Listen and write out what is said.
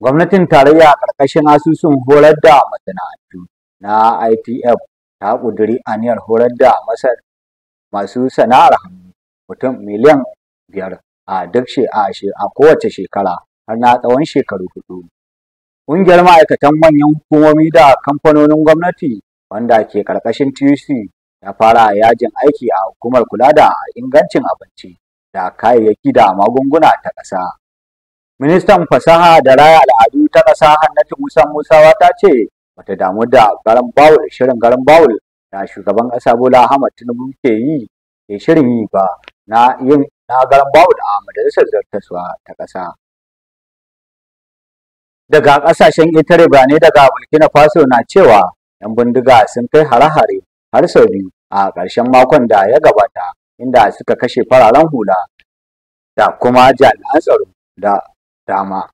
Gwamnatin tarayya a ƙarƙashin asusun horar da masana'antu na ITF ta ƙuduri aniyar horar da masu sana'ar hannu mutum miliyan biyar a duk a kowace shekara har na tsawon shekaru hudu. Ƙungiyar ma'aikatan manyan hukumomi da kamfanonin gwamnati wanda ke ƙarƙashin TUC ta fara yajin aiki a hukumar kula da ingancin abinci da kayayyaki da magunguna ta ƙasa. Ministan fasaha da raya al'adu ta ƙasa Hannatu Musa Musawa ta ce bata damu da garin bawul shirin garin bawul da shugaban ƙasa Bola Ahmad Tinubu ke yi ke shirin yi ba na yin na garin bawul a majalisar zartaswa ta ƙasa. Daga ƙasashen ba ne daga Burkina Faso na cewa 'yan bindiga sun kai hare-hare har sau biyu a ƙarshen makon da ya gabata inda suka kashe fararen hula da kuma jami'an tsaro da 道吗？